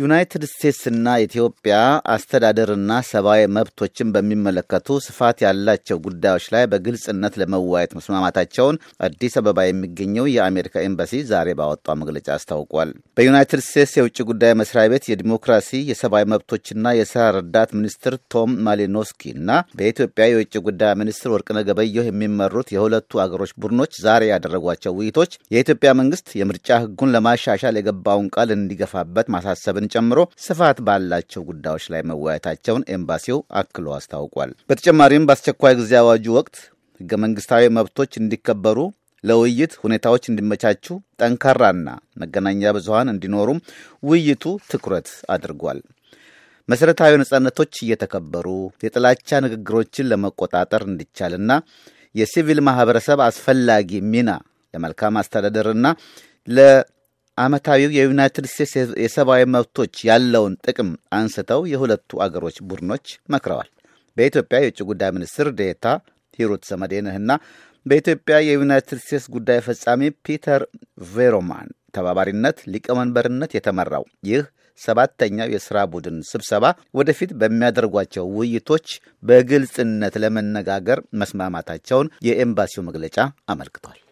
ዩናይትድ ስቴትስና ኢትዮጵያ አስተዳደርና ሰብአዊ መብቶችን በሚመለከቱ ስፋት ያላቸው ጉዳዮች ላይ በግልጽነት ለመወያየት መስማማታቸውን አዲስ አበባ የሚገኘው የአሜሪካ ኤምባሲ ዛሬ ባወጣው መግለጫ አስታውቋል። በዩናይትድ ስቴትስ የውጭ ጉዳይ መስሪያ ቤት የዲሞክራሲ የሰብአዊ መብቶችና የስራ ረዳት ሚኒስትር ቶም ማሊኖስኪ እና በኢትዮጵያ የውጭ ጉዳይ ሚኒስትር ወርቅነህ ገበየሁ የሚመሩት የሁለቱ አገሮች ቡድኖች ዛሬ ያደረጓቸው ውይይቶች የኢትዮጵያ መንግስት የምርጫ ህጉን ለማሻሻል የገባውን ቃል እንዲገፋበት ማሳሰብን ጉዳዮችን ጨምሮ ስፋት ባላቸው ጉዳዮች ላይ መወያየታቸውን ኤምባሲው አክሎ አስታውቋል። በተጨማሪም በአስቸኳይ ጊዜ አዋጁ ወቅት ህገ መንግስታዊ መብቶች እንዲከበሩ ለውይይት ሁኔታዎች እንዲመቻቹ ጠንካራና መገናኛ ብዙሃን እንዲኖሩም ውይይቱ ትኩረት አድርጓል። መሠረታዊ ነጻነቶች እየተከበሩ የጥላቻ ንግግሮችን ለመቆጣጠር እንዲቻልና የሲቪል ማህበረሰብ አስፈላጊ ሚና ለመልካም አስተዳደርና ዓመታዊው የዩናይትድ ስቴትስ የሰብአዊ መብቶች ያለውን ጥቅም አንስተው የሁለቱ አገሮች ቡድኖች መክረዋል። በኢትዮጵያ የውጭ ጉዳይ ሚኒስትር ዴታ ሂሩት ዘመዴንህና በኢትዮጵያ የዩናይትድ ስቴትስ ጉዳይ ፈጻሚ ፒተር ቬሮማን ተባባሪነት ሊቀመንበርነት የተመራው ይህ ሰባተኛው የሥራ ቡድን ስብሰባ ወደፊት በሚያደርጓቸው ውይይቶች በግልጽነት ለመነጋገር መስማማታቸውን የኤምባሲው መግለጫ አመልክቷል።